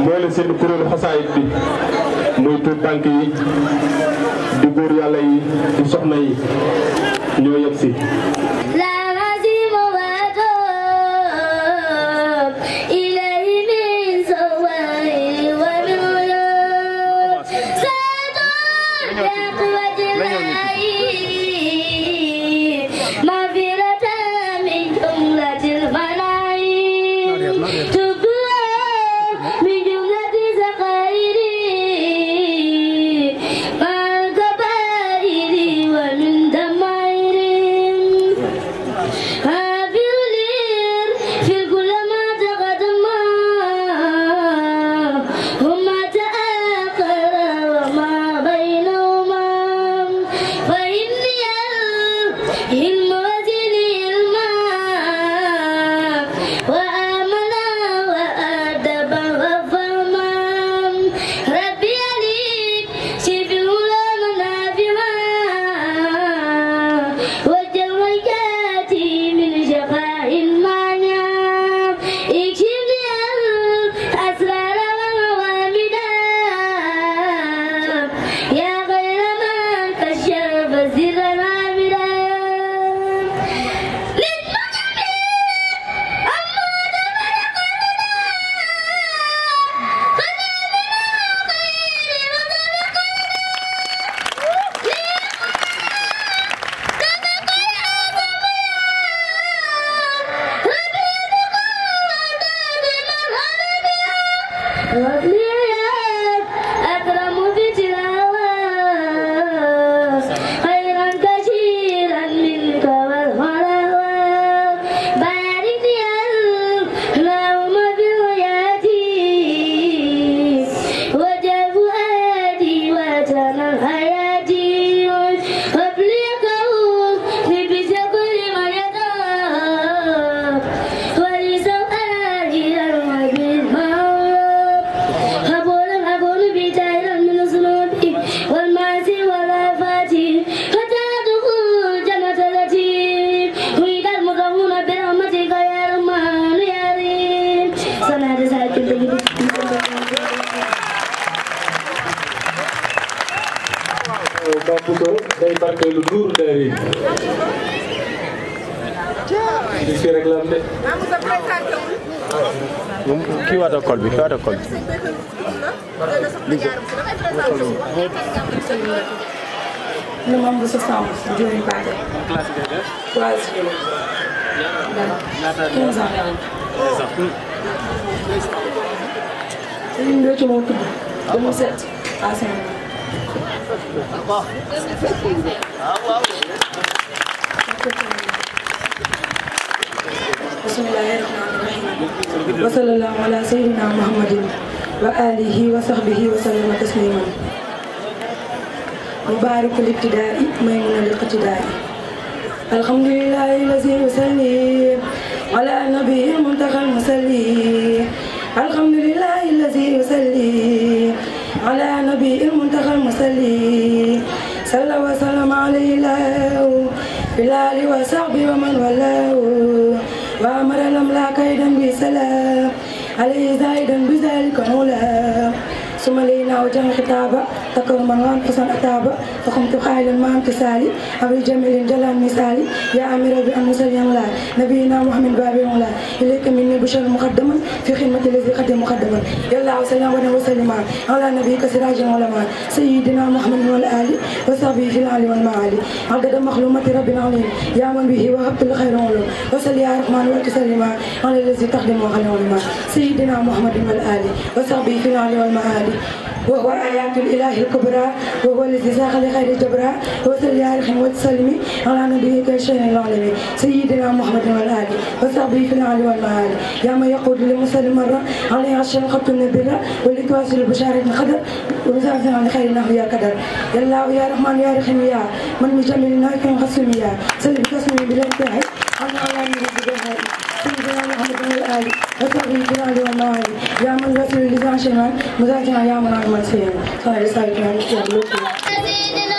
mboole seen kuréelu xasaayit bi muy tuut tànk yi di góor yàlla yi di soxna yi ñoo yegg si wa alihi wa sahbihi wa sallama tasliman مبارك الابتداء ميمون الاقتداء الحمد لله الذي يصلي على نبي المنتقى المسلي الحمد لله الذي يصلي على نبي المنتقى المسلي صلى وسلم عليه الله بلال وصحبه ومن والاه وامر الاملاك ايضا بسلام Allez aydın güzel konular ثم لينا وجه خطابة تكون منوان حسن أتابة فقمت خائلا ما امتثالي أمر جميل جلا مثالي يا أمير بأن نسلي مولاي نبينا محمد بابي مولاي إليك مني بشر مقدما في خدمة الذي قد مقدما يلا وسلام وسلم على نبيك سراج العلماء سيدنا محمد والآل وصحبه في العلي والمعالي عدد مخلومات ربنا العظيم يا من به وهبت الخير علوم وصل يا رحمن وتسلم على الذي تخدم وخلق سيدنا محمد والآل وصحبه في العلي والمعالي وهو آيات الإله الكبرى وهو الذي ساق لخير جبرى وصل يا رحم وتسلمي على نبيك الشهير العالمي سيدنا محمد والآل وصحبه في العلي والمعالي يا من يقود لمسلم مرة عليه عشر خط النبرة ولتواصل البشارة القدر وزعزع عن خير نحو يا قدر يا الله يا رحمن يا رحيم يا من مجمل ناكم خصم يا سلم قسمي بلا انتهاء على عالمي بجهائي سلام عليكم الآلي وصحبه الكرام والمعالي يا من ذات اللسان شمال مذاكرا يا من عمل سيما صلى الله عليه وسلم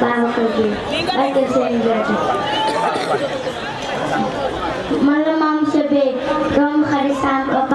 baama ko ji barke Sëriñ Béthio man la maam Sebe doomu xarit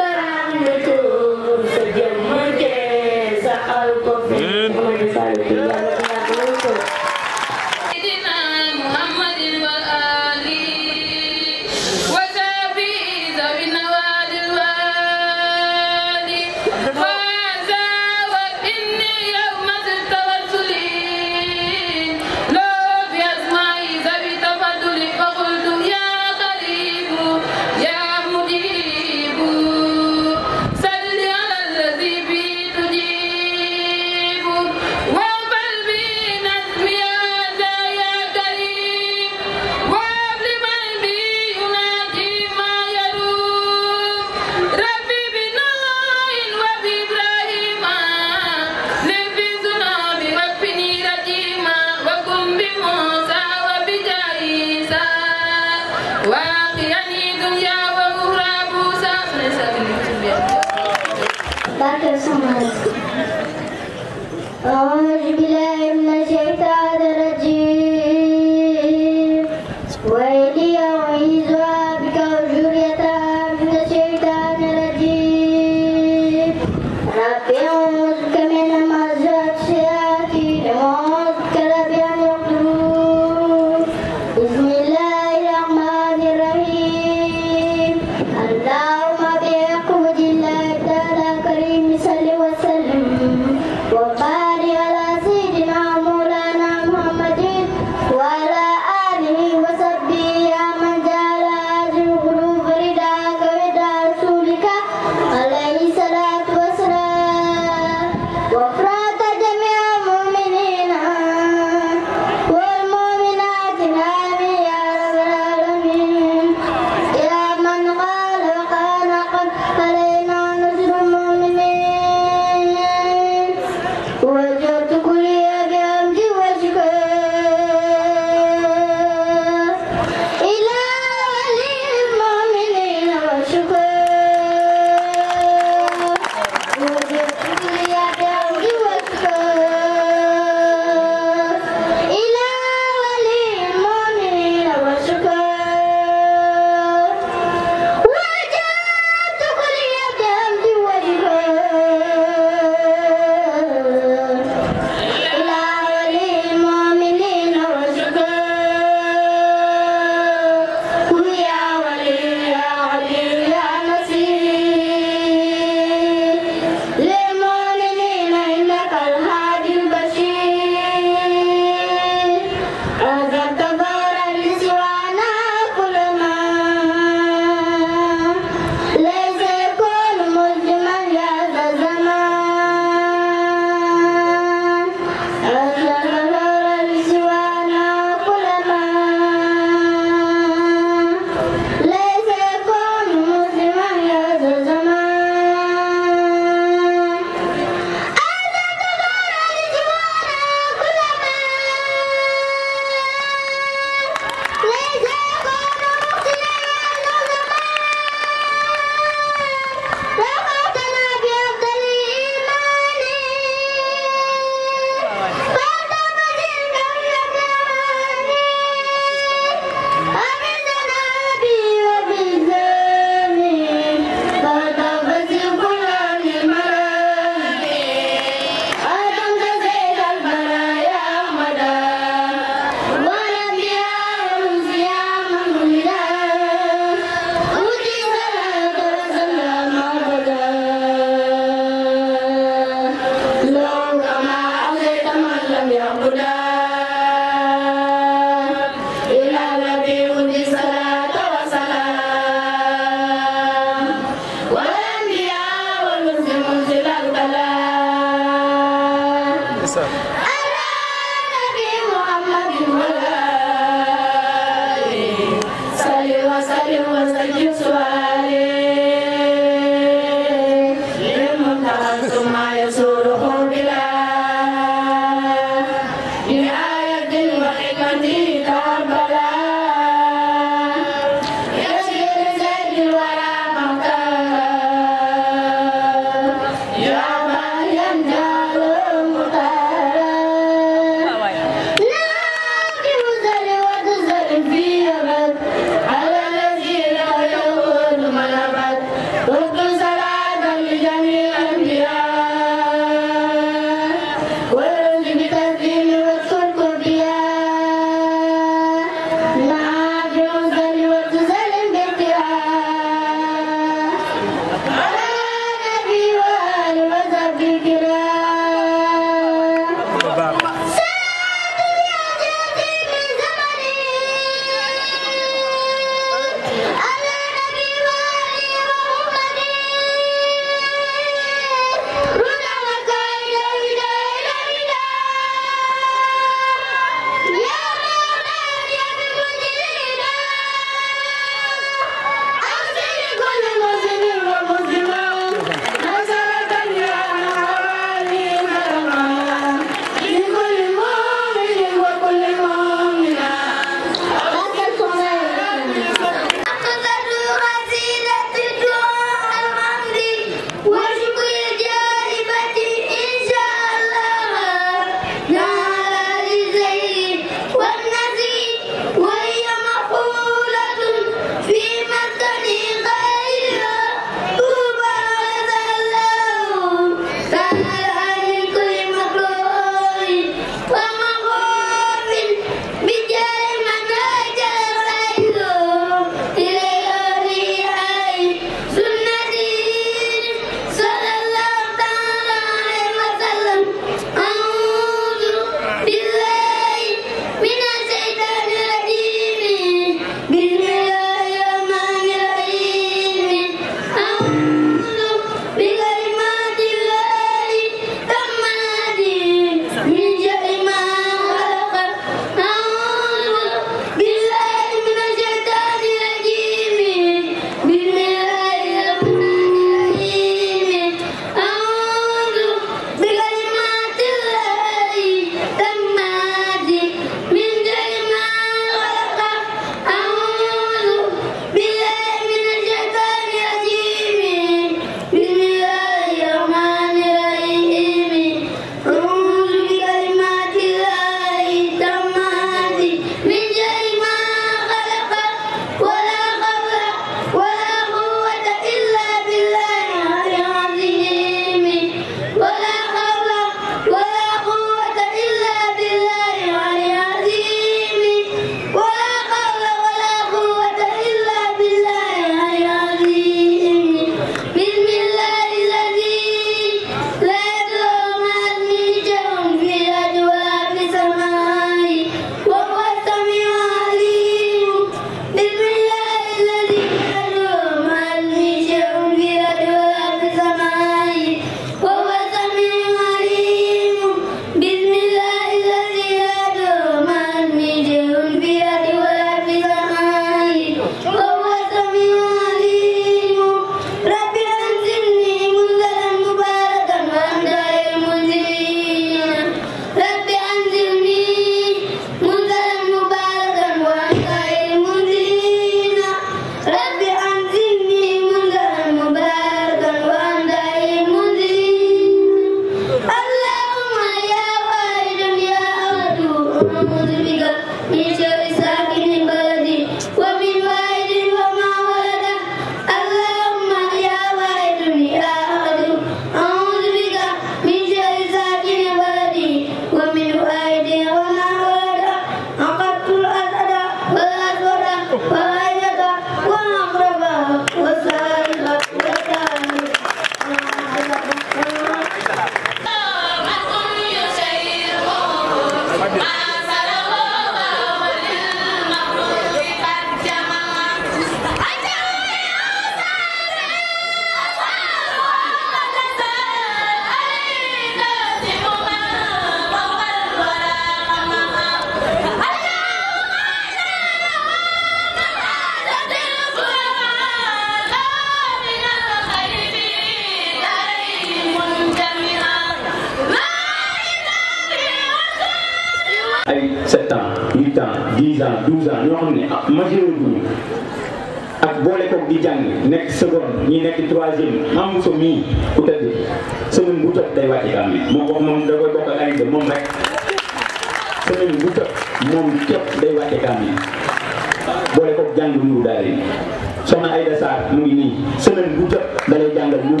da lay jàngal mbiru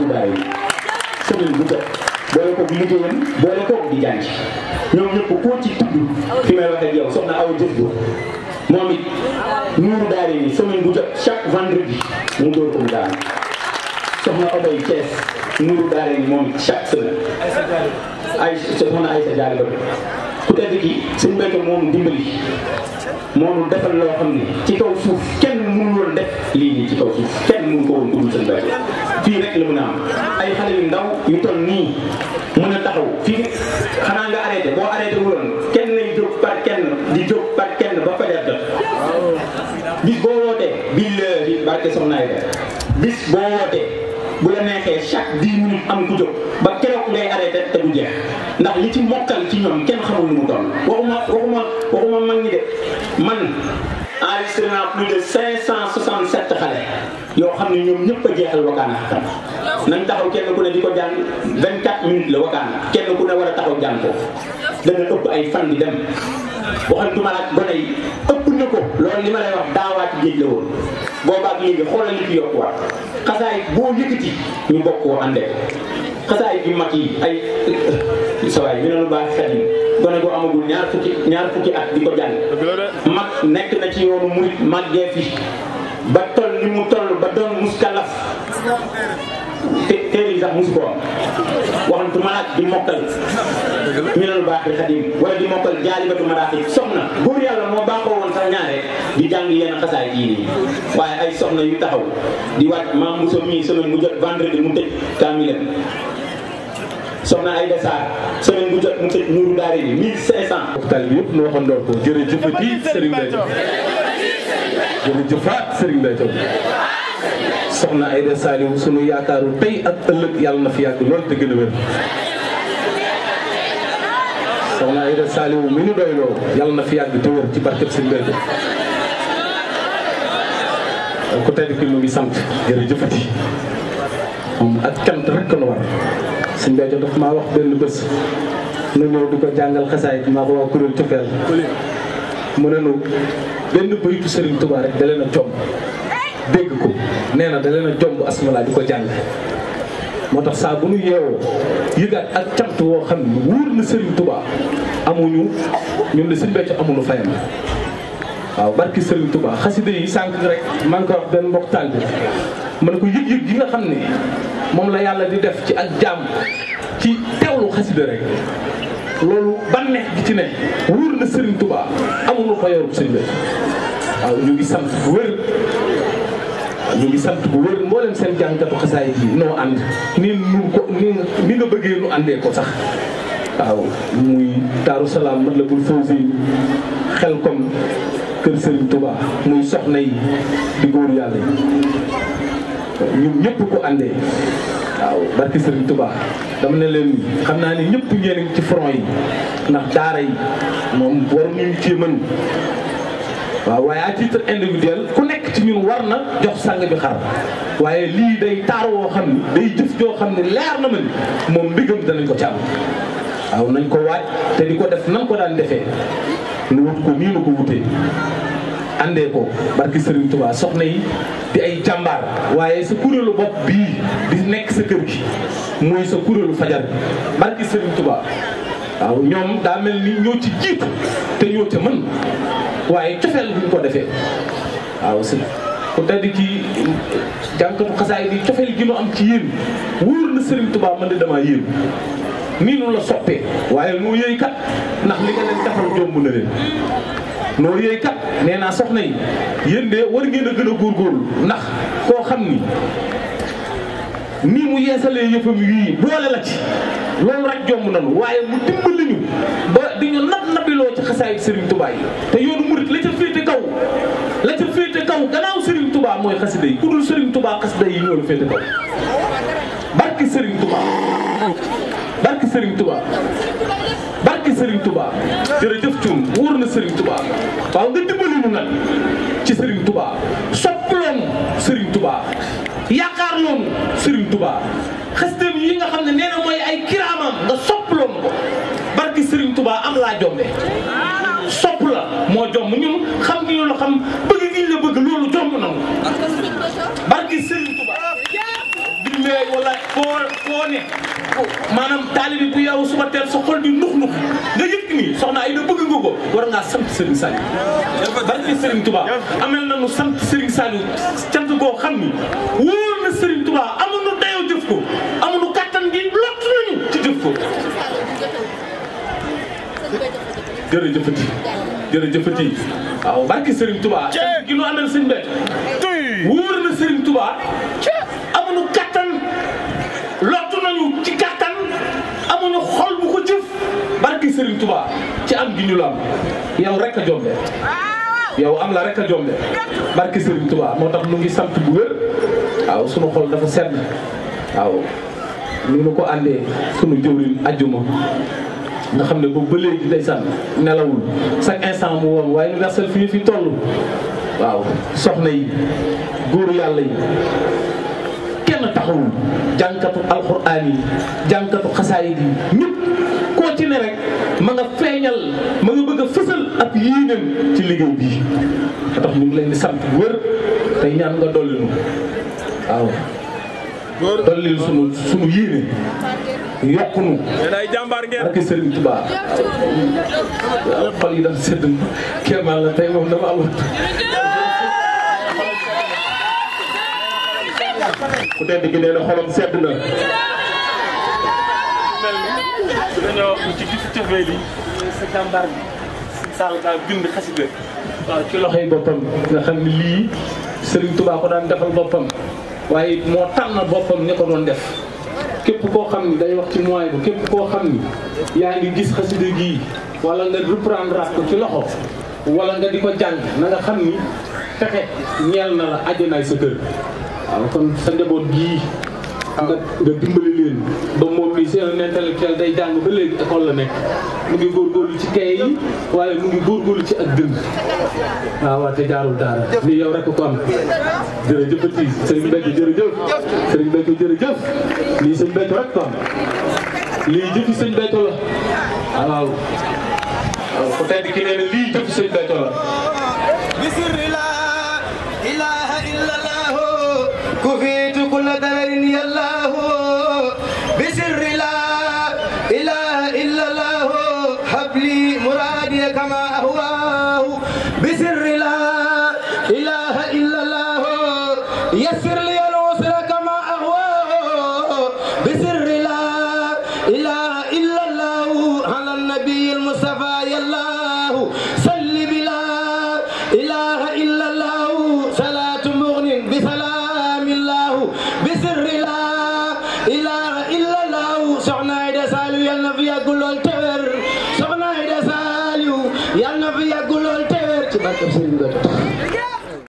daara yi semaine bu jot boole koog liggéeyam boole koog di jàng ñoom ñëpp koo ci tudd fi may wax ak yow soxna aw jëf ko moom it nuuru daara yi bu jot chaque vendredi mu dóor ko mu daanu soxna Obey Thiès nuuru daara yi moom it chaque semaine ay soxna ay sa jaari ba ku tedd ki suñu mbéyte moom dimbali moom defal loo xam ne ci kaw suuf kenn mënu woon def lii nii ci kaw suuf kenn mënu ko woon guddul seen mbéyte fii rek la a am yu ndaw yu toll nii taxaw fii xanaa nga arrêté boo arrêté wuloon kenn lay di jóg par ba fajar jot bis boo wootee billaahi barke soxna Ayda bis boo wootee bu la neexee chaque dix minutes am ku jóg ba keroog ngay arrêté te du jeex ndax li ci mokkal ci ñoom kenn xamul lu mu toll waxuma waxuma waxuma mag ñi de man enregistré naa plus de 567 xale yoo xam ne ñoom ñëpp a jeexal wakaana xakam nañ taxaw kenn ku ne di ko jàng 24 minutes la wakaana kenn ku ne war a taxaw jàng ko dana ëpp ay fan di dem waxantuma ak gone yi ëpp na ko loolu li ma lay wax daawaati géej la woon boobaak léegi xoolal li ci yokkuwaat xasaay boo yëkkati ñu bokk woo àndee xasaay yu mag yi ay sawaay ñu ne lu baax xel yi gone goo amagul ñaar fukki ñaar fukki at di ko jàng mag nekk na ci yoonu murit màggee fi ba toll ni mu toll ba doon muskalaf te téere yi sax musu ko am waxantuma ak di mokkal minal baaxil xadim wala di mokkal jaalibatu maraaxi soxna buur yàlla moo baaxoo woon sax ñaare di jàng yenn xasaay yii waaye ay soxna yu taxaw di waaj maam Moussa mii semaine mu jot vendredi mu tëj kaamilam soxna Ayda Sarr semaine bu jot mu tëj Nuuru Daara yi 1500. waxtaan bi yëpp ñu waxandoo ko jërëjëfati Serigne Mbaye Thiaw jërëjëfaat Serigne Mbaye Thiaw soxna Aida Saliou sunu yaakaaru tey ak ëllëg yàlla na fi loolu lool te gën a wér soxna Aida Saliou mi nu doyloo yàlla na fi te wér ci barkeb seen mbir bi ku tedd ki mu ngi sant jërëjëfati moom ak cant rekk la war suñ mbéyte daf maa wax benn bés nu ñëw di ko jàngal xasaay maa ko waa kuréel cofeel mu ne nu benn bayitu Sëriñ Tuubaa rek da leen a dégg ko nee na da leen a jomb di ko jàng moo tax saa bu nu yeewoo yëgaat ak cant woo xam ni wóor na Serigne Touba amuñu ñoom de Serigne Béthio amuñu fayam waaw barki Serigne Touba xasida yi rek maa ko benn mbokk taal bi ko yëg nga xam ne moom la yàlla di def ci ak jaam ci teewlu xasida rek loolu bànneex gi ci ne wóor na Serigne Touba amuñu ko yorub Serigne Béthio waaw ñu ngi sant wér. ñu ngi sant bu wér mboolem seen jàngkatu xasaayit yi noo ànd ni nu nga bëggee nu àndee ko sax waaw muy Daaru Salaam mat la bul fawsi xel kom kër Serigne Touba muy soxna yi di góor yàlla yi ñun ñëpp ko àndee waaw barki Serigne Touba dama ne leen xam naa ne ñëpp ngeen ci front yi ndax daara yi moom waruñu cee mën waaw waaye à titre individuel ku nekk ci ñun war na jox sang bi xar waaye lii day taar woo xam ne day jëf joo xam ne leer na ma ni moom mbigam danañ ko ci am waaw nañ ko waaj te di ko def nañ ko daan defee nu wut ko nii nu ko wutee àndee ko barki Serigne Touba soxna yi di ay jàmbaar waaye sa kuréelu bopp bii di nekk sa kër gi mooy sa kuréelu fajar bi barki Serigne Touba waaw ñoom daa mel ni ñoo ci jiitu te ñoo ca mën waaye cofeel buñ ko defee waaw si ku tedd ki jànkatu xasaay bi cofeel gi nu am ci yéen wóor na Sëriñ Tuubaa ma de damaa yéen nii nu la soppee waaye noo yëy kat ndax li nga leen defal jomb na leen noo yëy kat nee naa soxna yi yéen de war ngeen a gën a góor góorgóorlu ndax koo xam ni nii mu yeesalee yëfam yii bu la ci loolu rek jomb nañu waaye mu dimbali ñu ba di ñu nab nabiloo ci xasaayit Serigne Touba yi te yoonu murit la ca féete kaw la ci féete kaw gannaaw Serigne Touba mooy xasida yi ku dul Serigne Touba xasida yi ñoo la féete kaw barki Serigne Touba barki Serigne Touba barki Serigne Touba jërëjëf Thioune wóor na Serigne Touba waaw nga dimbali ñu nag ci Serigne Touba soppaloon Serigne Touba. yaakaar noonu Serigne Touba xëstam yi nga xam ne nee na mooy ay kiraamam nga soppaloon ko barki sëriñ Touba am laa jombe sopp la moo jomb ñun xam nga ñu xam bëgg gi ñu bëgg loolu jomb na barki Serigne ñëwee wala foo foo maanaam taalibi bu yow suba teel sa xol di nux nux nga yëg ni soxna ay da bëgg nga ko war ngaa sant Serigne Saliou barke Serigne Touba amel na nu sant Serigne Saliou cant goo xam ni wóor na Serigne Touba amuñu dayoo jëf ko amuñu kattan gi lott nañu ci jëf gi nu na Serigne Touba amuñu xol bu ko jëf barki Serigne Touba ci am gi ñu la am yow rek a jombe yow am la rek a jombe barki Serigne Touba moo tax nu ngi sant bu wér waaw sunu xol dafa sedd waaw nu nu ko àndee sunu jëwriñ ajjuma nga xam ne boobu ba léegi ndeysaan nelawul chaque instant mu woon waaye universel fii fi toll waaw soxna yi góoru yàlla yi kenn taxawul jànkatu alxuraan yi jànkatu xasaayid yi ñëpp koo ci ne rek ma nga feeñal ma nga bëgg a fësal ak yéeneen ci liggéey bii a tax ñu ngi leen di sant wër tey ñaan nga dolli nu waaw dollil sunu sunu yéene yokk nu ak Sëriñ Tuubaa xol yi dafa sedd kéemaan la tey moom dama amat ku tedd gi nee na xolam sedd na. dañoo ci gis cofeel yi sa jàmbaar bi Sall daa bind xasida waaw ci loxoy boppam nga xam ne lii Serigne Touba ko daan defal boppam waaye moo tànn boppam ña ko doon def képp koo xam ni day wax ci mooy bu képp koo xam ni yaa ngi gis xasida gii wala nga ko ci loxo wala nga di ko jàng na nga xam ni fexe ñeel na la àjjanaay sa kër waaw kon sa njaboot gii. Ah. nga nga dimbali leen ba moom mii c'est un intellectuel day jàng ba léegi école la nekk mu ngi góorgóorlu ci kay yi waaye mu ngi góorgóorlu ci ak dënd ah, waaw waaw te jaarul daara lii yow rek ko am jërëjëfati sëriñ Mbecco jërëjëf sëriñ Mbecco jërëjëf lii sëñ Mbecco rek ko am lii jëfi sëñ Mbecco la waaw ah, waaw ku tedd ki nee na lii jëfi sëñ Mbecco la ko fi